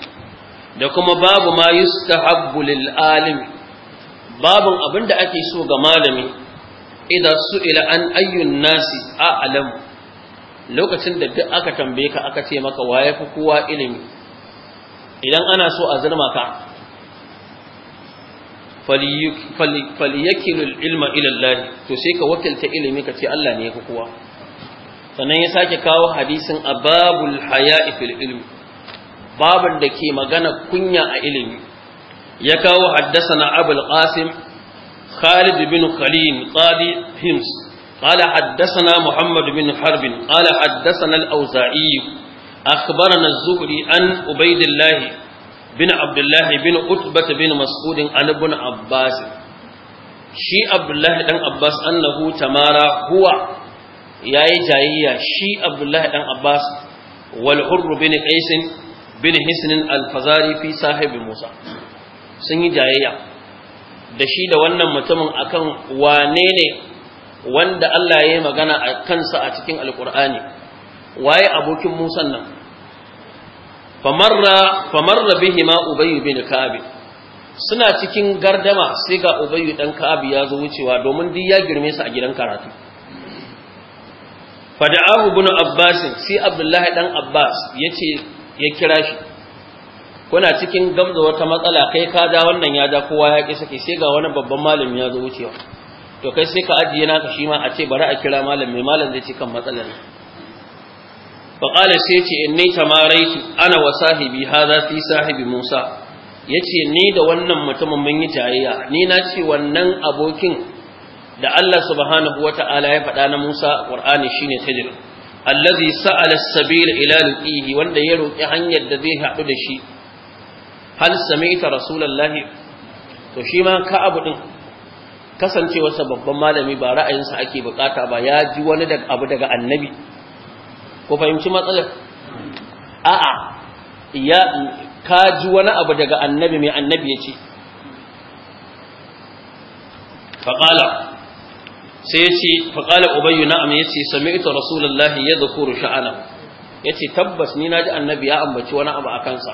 da kuma babu ma yustahabbu lil alim babun abinda ake so ga malami idan su'ila an ayyun nasi a'lam lokacin da duk aka tambaye ka aka ce maka waye fi kowa ilimi idan ana so a zirma ka falyakinul ilma ilallahi, to sai ka wakilta ilimi ka ce Allah ne ya kowa sannan ya sake kawo hadisin ababul haya'i fil ilmi babin da ke magana kunya a ilimi ya kawo haddasana abul qasim khalid bin khalil qadi hims قال حدثنا محمد بن حرب قال حدثنا الأوزائي أخبرنا الزهري عن عبيد الله bin abdullahi bin utbata bin mas'udin an ibn abbas shi abdullahi dan abbas annahu tamara huwa yayi jayayya shi abdullahi dan abbas wal hurr bin qais bin hisn al fazari fi sahibi musa sun yi jayayya da shi da wannan mutumin akan wane ne wanda Allah ya yi magana a kansa a cikin alkur'ani waye abokin musan nan famarra famarra bihima ubayy bin ka'ab suna cikin gardama sai ga ubayu dan kabi ya zo wucewa domin duk ya girme su a gidan karatu fada'ahu bin abbas sai abdullahi dan abbas yace ya kira shi kuna cikin gamza wata matsala kai ka da wannan ya da kowa ya ki sake sai ga wani babban malami ya zo wucewa to kai sai ka ajiye naka shi ma a ce bari a kira malami malam zai ci kan matsalar faƙala sai ce in ni tamaraitu ana wa sahibi haza fi sahibi musa ya ce ni da wannan mutumin mun yi jayayya ni na ce wannan abokin da Allah subhanahu wata'ala ya faɗa na musa ƙur'ani shine tajir allazi sa'ala sabil ila liqihi wanda ya roki hanyar da zai haɗu da shi hal sami'ta rasulullahi to shi ma ka abu din kasancewarsa babban malami ba ra'ayinsa ake bukata ba ya ji wani abu daga annabi Ko fahimci matsalar a'a ya kaji wani abu daga annabi mai annabi ya ce faƙala sai ya ce faƙala ubayyu na'am ya ce sami ita rasulullahi ya zakuru sha'ana ya ce tabbas ni na ji annabi ya ambaci wani abu a kansa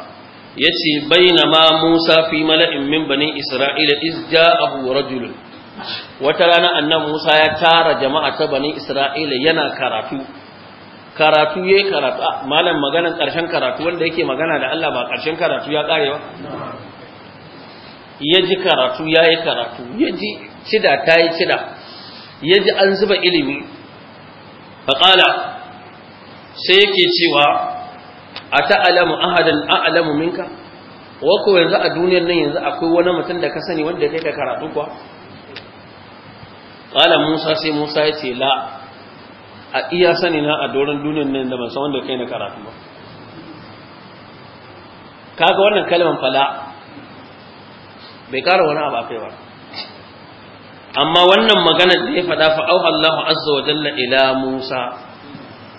ya ce bayna ma musa fi mala'in min banin isra'ila iz ja'ahu rajulun wata rana annan musa ya tara jama'a ta banin isra'ila yana karatu karatu yayi karatu ah, malam maganan karshen karatu wanda yake magana da Allah ba karshen karatu ya kare ba yaji karatu yayi karatu yaji cida tayi cida yaji an zuba ilimi qala sai yake cewa ata'lamu ahadan a'lamu minka wako yanzu a duniyar nan yanzu akwai wani mutum da ka sani wanda kai da karatu kuwa qala musa sai musa ya ce la a iya sani na a doron duniyar nan da ban san wanda kai na karatu ba kaga wannan kalman fala bai kara wani abu ba amma wannan magana da ya faɗa fa auha Allahu azza wa jalla ila Musa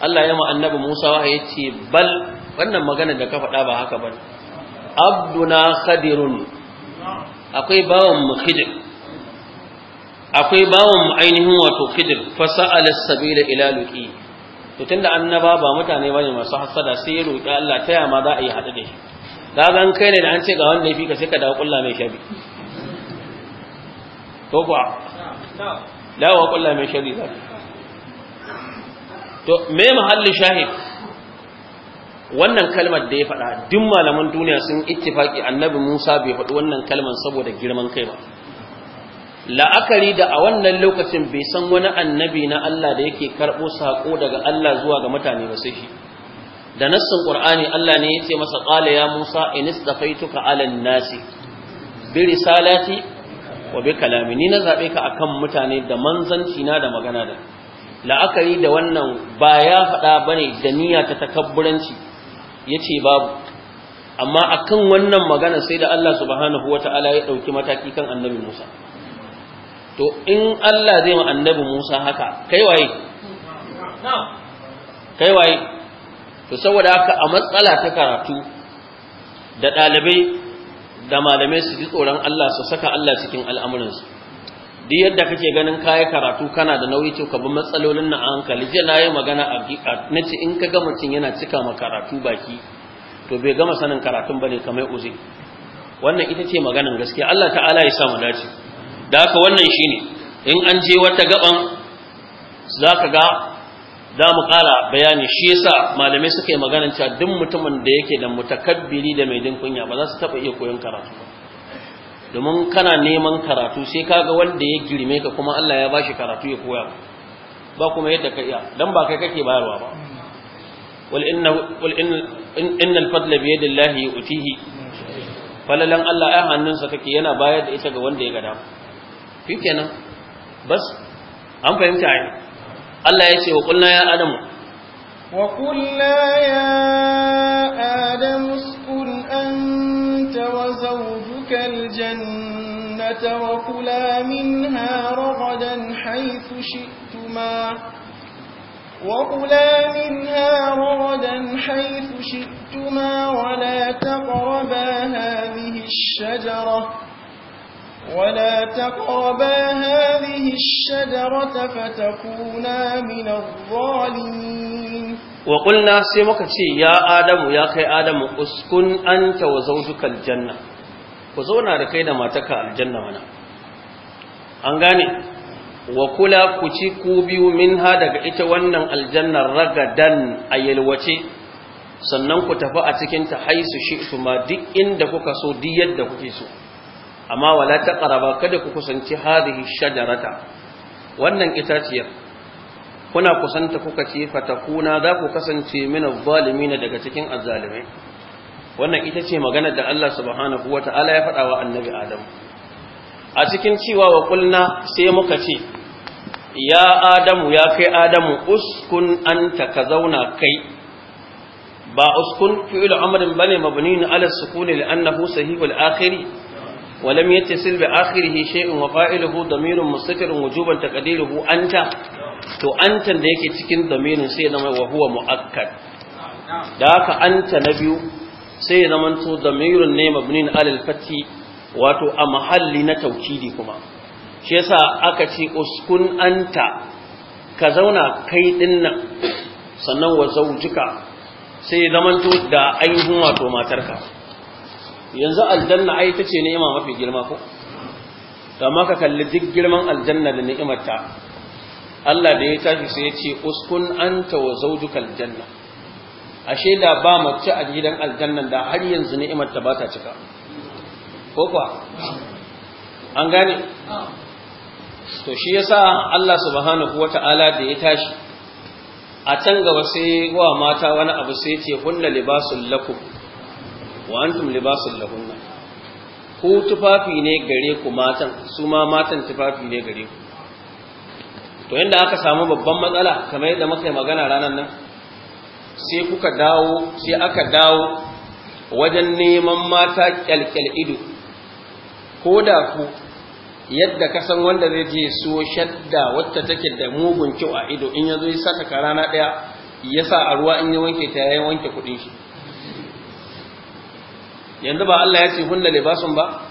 Allah ya ma annabi Musa wa yace bal wannan magana da ka faɗa ba haka bane abduna khadirun akwai bawan mu akwai bawan mu ainihin wato khidir fa sa'ala sabila ila luqi to tunda annaba ba mutane ba ne masu hasada sai ya roƙi Allah ta yama za a yi hada da shi kaga an kai ne da an ce ga wanda ya fi ka sai ka dawo kulla mai shabi to kuwa dawo kulla mai shabi za to me mahallin shahid wannan kalmar da ya faɗa duk malaman duniya sun ittifaki annabi Musa bai faɗi wannan kalmar saboda girman kai ba la'akari da a wannan lokacin bai san wani annabi na Allah da yake karɓo sako daga Allah zuwa ga mutane ba sai shi da nassin qur'ani Allah ne ya ce masa qala ya musa inistafaituka alan nasi bi risalati wa bi kalami ni na zabe ka akan mutane da manzanci na da magana da la'akari da wannan ba ya faɗa bane da niyya ta takabburanci yace babu amma akan wannan magana sai da Allah subhanahu wataala ya dauki mataki kan annabi Musa to in Allah zai wa annabi Musa haka kai waye kai waye to saboda haka a matsala ta karatu da ɗalibai da malamai su ji tsoron Allah su saka Allah cikin al'amuransu duk yadda kake ganin kai karatu kana da nauyi to ka bi matsalolin na hankali jiya na yi magana a na ce in ka ga mutum yana cika ma karatu baki to bai gama sanin karatun bane kamar uzi wannan ita ce maganar gaskiya Allah ta'ala ya sa mu dace da haka wannan ne. in an je wata gaban za ka ga za mu ƙara bayani shi yasa malamai suka yi maganin cewa duk mutumin da yake da mutakabbiri da mai kunya ba za su taɓa iya koyon karatu ba domin kana neman karatu sai ka ga wanda ya girme ka kuma Allah ya bashi karatu ya koya ba kuma yadda ka iya dan ba kai kake bayarwa ba wal inna wal innal fadla bi yadillahi yutihi falalan Allah ai hannunsa kake yana bayar da ita ga wanda ya gada. shikenan bas an fahimta ai Allah ya ce wa qulna ya adamu wa ya adamu uskun anta wa zawjuka aljannata wa kula minha ragadan haythu shi'tuma وكلا منها رغدا حيث شئتما ولا تقربا هذه الشجرة ولا تقربا هذه الشجرة فتكونا من الظالمين وقلنا سيمك يا آدم يا خي آدم أسكن أنت وزوجك الجنة وزونا ركينا ما تكا الجنة منا أنغاني وكلا كتي كوبيو من هذا إتوانا الجنة رغدا الوتي sannan ku tafi a cikin ta haisu shi ma duk inda kuka so diyar da kuke so amma wala ƙaraba, kada ku kusanci hadhihi shajarata wannan itaciyar kuna kusanta kuka ce fatakuna za ku kasance min na daga cikin azzalimai wannan ita ce maganar da Allah subhanahu wata'ala ya faɗa wa annabi Adam a cikin cewa wa kulna sai muka ce ya Adamu ya kai Adamu uskun anta ka zauna kai ba uskun fi'il amrin bane mabni ala sukuni annahu sahihul akhiri ولم يتصل بآخره شيء وفائله ضمير مستتر وجوبا تقديره أنت تو أنت da yake cikin damirin sai ya zama wa huwa muakkad da ka anta na biyu sai ya zama to damirun ne mabnin alal fati wato a mahalli na taukidi kuma shi yasa aka ce uskun anta ka zauna kai din nan sannan wa zaujika sai ya zama to da ainihin wato matarka yanzu aljanna ai ta ce ni'ima mafi girma ko amma ka kalli duk girman aljanna da ni'imarta Allah da ya tashi sai ya ce uskun anta wa zawjukal janna ashe da ba mace a gidan aljannan da har yanzu ni'imarta ba ta cika ko kuwa an gane to shi yasa Allah subhanahu wata'ala da ya tashi a can gaba sai wa mata wani abu sai ce hunna libasul lakum wa antum lahunna ku tufafi ne gare ku matan su ma matan tufafi ne gare ku to yadda aka samu babban matsala kamar yadda muka yi magana ranar nan sai kuka dawo sai aka dawo wajen neman mata kyalkyal ido ko da ku yadda ka san wanda zai je so shadda wacce take da mugun kyau a ido in ya zo ya saka ka rana ɗaya ya sa a ruwa in ya wanke ta ya wanke kuɗin shi yanzu ba Allah ya ce hunna libasun ba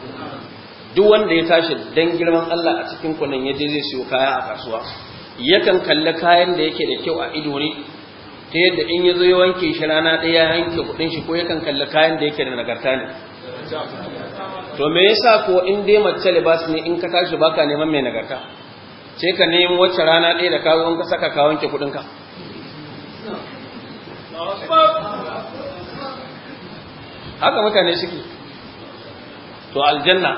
duk wanda ya tashi dan girman Allah a cikin kunan yaje zai siyo kaya a kasuwa yakan kalli kayan da yake da kyau a ido ne ta yadda in ya zo ya wanke shi rana ɗaya ya yanke kuɗin shi ko yakan kalli kayan da yake da nagarta ne to me yasa ko in dai mace libas ne in ka tashi baka neman mai nagarta sai ka nemi wacce rana ɗaya da kawo in ka saka ka wanke kuɗin ka haka mutane suke to aljanna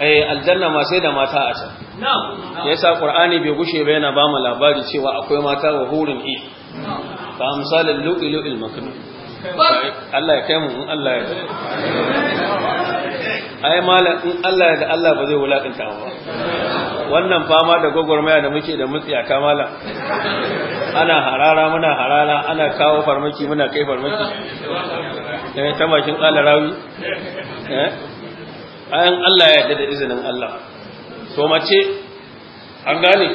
eh aljanna ma sai da mata a can yasa qur'ani bai gushe ba yana ba mu labari cewa akwai mata wa hurin i e. ka amsalin lu'i il maknun Allah ya kai mu in Allah ya ai malam in Allah ya da Allah ba zai wulakanta ba wannan fama da gwagwarmaya da muke da a kamala. ana harara muna harara ana kawo farmaki muna kai farmaki eh ta bakin kala rawi eh ayan Allah ya yarda da izinin Allah to mace an gane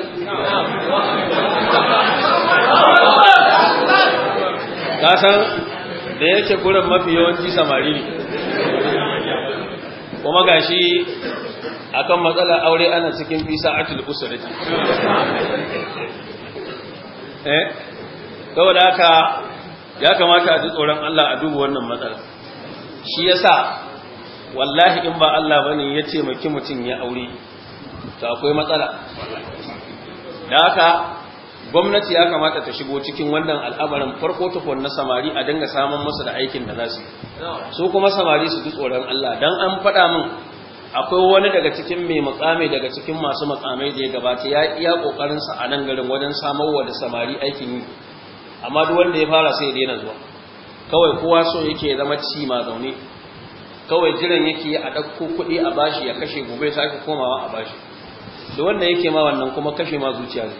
ka san da yake gurin mafi yawanci samari ne kuma gashi akan matsalar aure ana cikin fisa atul usrati eh saboda haka ya kamata a ji tsoron Allah a duba wannan matsala shi yasa wallahi in ba Allah bane ya ce maki mutum ya aure to akwai matsala da haka gwamnati ya kamata ta shigo cikin wannan al'amarin farko tukun na samari a dinga samun masa da aikin da za su su kuma samari su ji tsoron Allah dan an faɗa min akwai wani daga cikin mai makame daga cikin masu makamai da ya gabata ya iya kokarin sa a nan garin wajen samarwa da samari aikin yi amma duk wanda ya fara sai ya daina zuwa kawai kowa so yake ya zama ci ma zaune kawai jiran yake a ɗauko kuɗi a bashi ya kashe gobe ya sake komawa a bashi da wanda yake ma wannan kuma kashe ma zuciya ne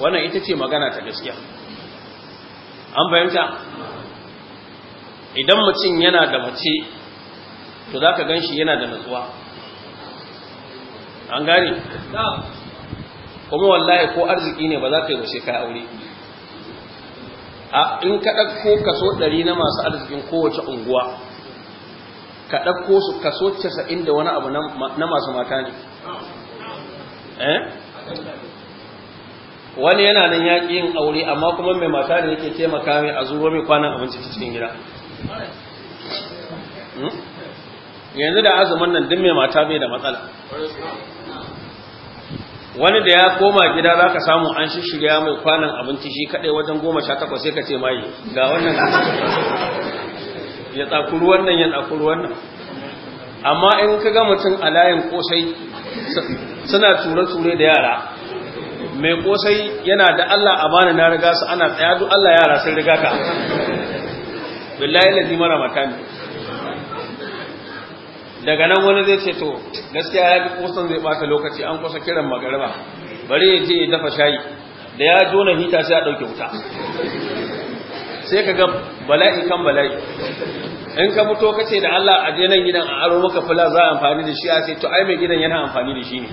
wannan ita ce magana ta gaskiya an fahimta idan mutum yana da mace to za ka gan yana da natsuwa an gane kuma wallahi ko arziki ne ba za ka yi ba sai ka aure a in ka ɗauko kaso ɗari na masu arzikin kowace unguwa ka ɗauko su kaso casa'in da wani abu na masu mata ne eh? wani yana nan yaƙi yin aure amma kuma mai mata ne yake taimaka mai a zuwa mai kwanan abinci cikin gida hmm? yanzu da azumin nan duk mai mata bai da matsala wani da ya koma gida za ka samu an shirya mai kwanan abinci shi kaɗai wajen goma sha takwas sai ka ce mai ga wannan ya tsakuru wannan ya tsakuru wannan amma in ka ga mutum a layin kosai suna ture-ture da yara mai kosai yana da Allah a bani na riga su ana tsaya duk Allah yara sun riga ka billahi lazi mara makami daga nan wani zai ce to gaskiya ya fi kusan zai bata lokaci an kusa kiran magarba bari ya je ya dafa shayi da ya zo hita sai a dauke wuta sai ka ga bala'i kan bala'i in ka fito kace da Allah a je nan gidan a aro maka fula za a amfani da shi a sai to ai mai gidan yana amfani da shi ne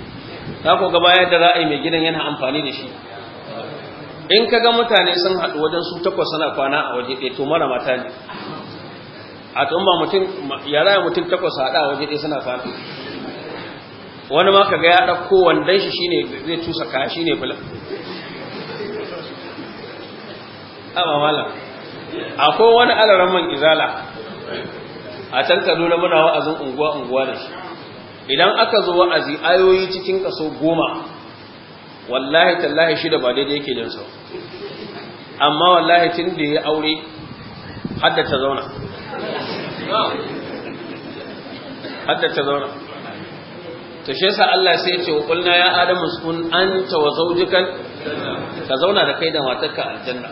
ta ko gaba da za a mai gidan yana amfani da shi in ka ga mutane sun haɗu wajen su takwas suna kwana a waje ɗaya to mara mata ne a tun ba mutum ya raya mutum takwas haɗa waje ɗaya suna fata wani ma kaga ya ɗauko wandan shi shine zai tusa kaya ne bulan amma malam akwai wani man izala a can kaduna muna wa'azin unguwa unguwa da shi idan aka zo wa'azi ayoyi cikin kaso goma wallahi tallahi shida ba daidai yake jinsa amma wallahi tun da ya aure hadda ta zauna hadda ta zauna to shi yasa Allah sai ya ce wa ya adamu an anta wa zaujikan ka zauna da kai da matarka aljanna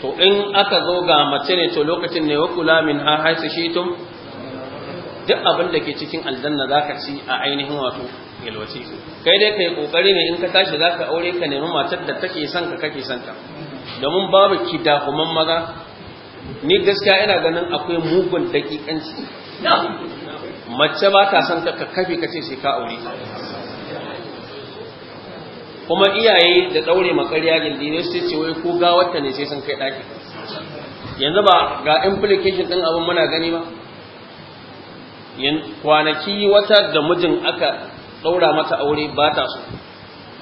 to in aka zo ga mace ne to lokacin ne wa kula min ha haisu shitum duk abin da ke cikin aljanna zaka ci a ainihin wato yalwace kai dai kai kokari ne in ka tashi zaka aure ka nemi matar da take son ka kake son ta domin babu kidahuman maza ni gaskiya ina ganin akwai mugun dakikanci mace ba ta son ka kafe ka ce sai ka aure kuma iyaye da daure makariya gindi ne sai ce wai ko ga wata ne sai sun kai daki yanzu ba ga implication din abin muna gani ba kwanaki wata da mijin aka ɗaura mata aure ba ta so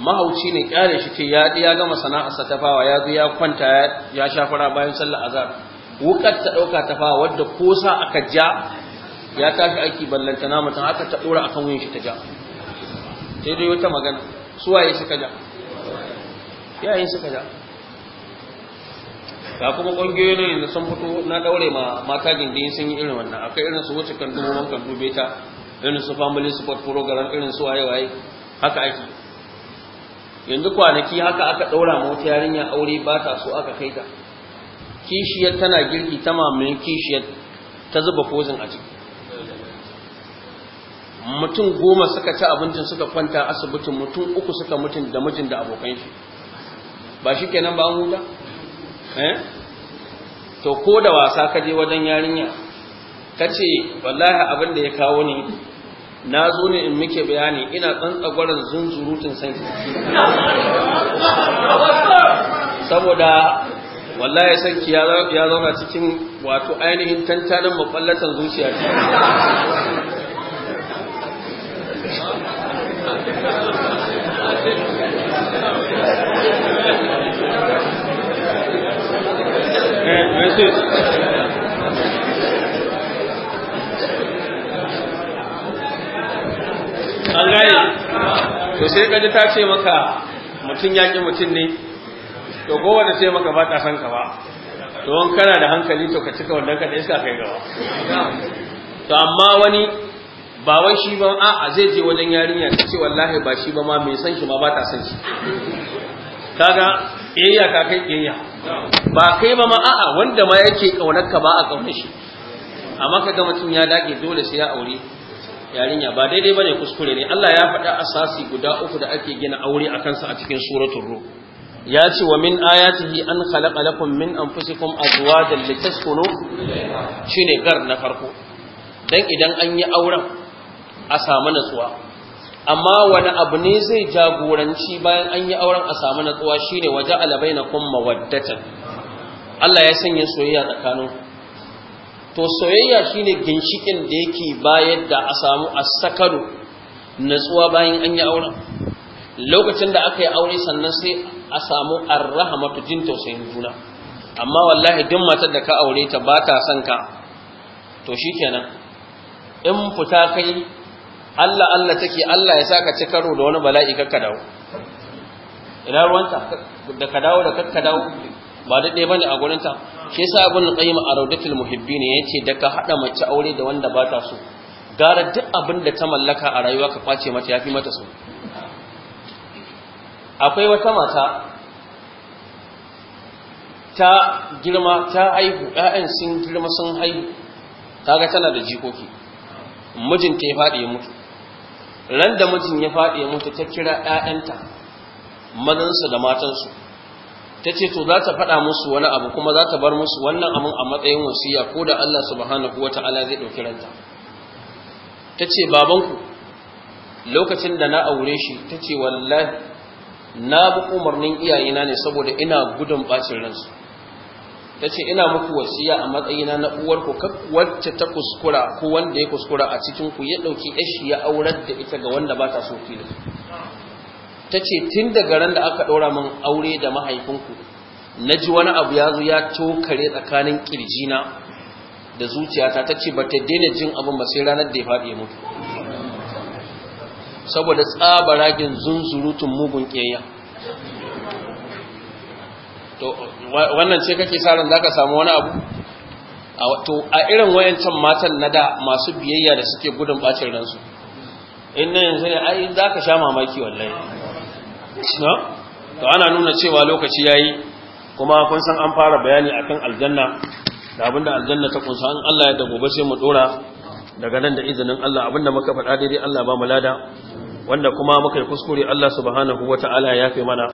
mahauci ne kyale shi ce ya gama sana'arsa ta fawa ya zo ya kwanta ya sha fara bayan a azhar wukar ta ɗauka ta fa wadda kosa aka ja ya tashi aiki ballanta na mutum aka ta ɗora akan wuyan shi ta ja sai dai wata magana su waye suka ja Ya yi suka ja ga kuma ƙungiyoyi ne da sun fito na ɗaure ma mata gindin sun yi irin wannan akai irin su wuce kan dubu kan dube ta irin su family support program irin su waye waye haka ake yanzu kwanaki haka aka ɗaura ma wata yarinya aure ba ta so aka kai ta kishiyar tana girki ta mamayin kishiyar ta zuba fozin a ciki mutum goma suka ci abincin suka kwanta asibitin mutum uku suka mutum da mijin da abokan shi ba shi kenan ba an eh? to ko da wasa ka je wajen yarinya ka ce wallahi abin da ya kawo ne na zo ne in muke bayani ina tsagwarar zunzurutun sanki saboda wallahi sanki ya zauna cikin wato ainihin tantanin mafallatan zuciya ce an gane to sai kaji ta ce maka mutum yaƙi mutum ne to kowane sai maka ba ta san ka ba to in kana da hankali to ka cika wannan ka da iska kai gaba to amma wani ba wai shi ba a zai je wajen yarinya ta ce wallahi ba shi ba ma mai san shi ma ba ta san shi kaga kiyayya ka kai kiyayya ba kai ba ma a'a wanda ma yake kaunar ka ba a kaunar shi amma kaga mutum ya dage dole sai ya aure yarinya ba daidai bane kuskure ne Allah ya faɗa asasi guda uku da ake gina aure akan su a cikin suratul ruh ya ce wa min ayatihi an khalaqa lakum min anfusikum azwajan litaskunu shine gar na farko dan idan an yi auren a samu natsuwa amma wani abu ne zai jagoranci bayan an yi auren a samu natsuwa shine waje na kun mawaddatan Allah ya sanya soyayya tsakanin to soyayya shine ginshikin da yake bayar da a samu asakaru natsuwa bayan an yi auren lokacin da aka yi aure sannan sai a samu arrahamatu jin tausayin juna amma wallahi duk matar da ka aure ta ba ta son ka to shikenan in fita kai Allah Allah take Allah ya saka ci karo da wani bala'i kakka dawo ina ruwanta da ka dawo da kakka dawo ba daɗe ba ne a gurinta shi yasa abin qayyim a raudatul muhibbin yace da ka haɗa mace aure da wanda ba ta so gara duk abin da ta mallaka a rayuwa ka kwace mata ya fi mata so akwai wata mata ta girma ta haihu ƴaƴan sun girma sun haihu kaga tana da jikoki mijinta ya faɗi ya mutu ran da mijin ya faɗi ya mutu ta kira ƴaƴanta mazansu da matansu ta ce to za ta faɗa musu wani abu kuma za ta bar musu wannan abin a matsayin wasiya ko da Allah subhanahu wa ta'ala zai ɗauki ranta ta ce babanku lokacin da na aure shi ta ce wallahi na bi umarnin iyayena ne saboda ina gudun bacin ransu ta ce ina muku wasiya a matsayina na uwarku wacce ta kuskura ko wanda ya kuskura a cikin ku ya ɗauki yashi ya aurar da ita ga wanda ba ta so fili. ta ce tun daga ran da aka ɗora min aure da mahaifinku na ji wani abu ya zo ya tokare tsakanin na da zuciyata ta ce ba ta daina jin abin ba sai ranar da ya faɗi mutu saboda zun zunzurutun mugun ƙeya to wannan ce kake sa ran zaka samu wani abu to a irin wayancan matan na da masu biyayya da suke gudun bacin ransu in yanzu ne ai zaka sha mamaki wallahi to ana nuna cewa lokaci yayi kuma kun san an fara bayani akan aljanna da abinda aljanna ta kunsa an Allah ya da gobe sai mu dora daga nan da izinin Allah abinda muka faɗa daidai Allah ba mu lada wanda kuma muka yi kuskure Allah subhanahu wata'ala ya fi mana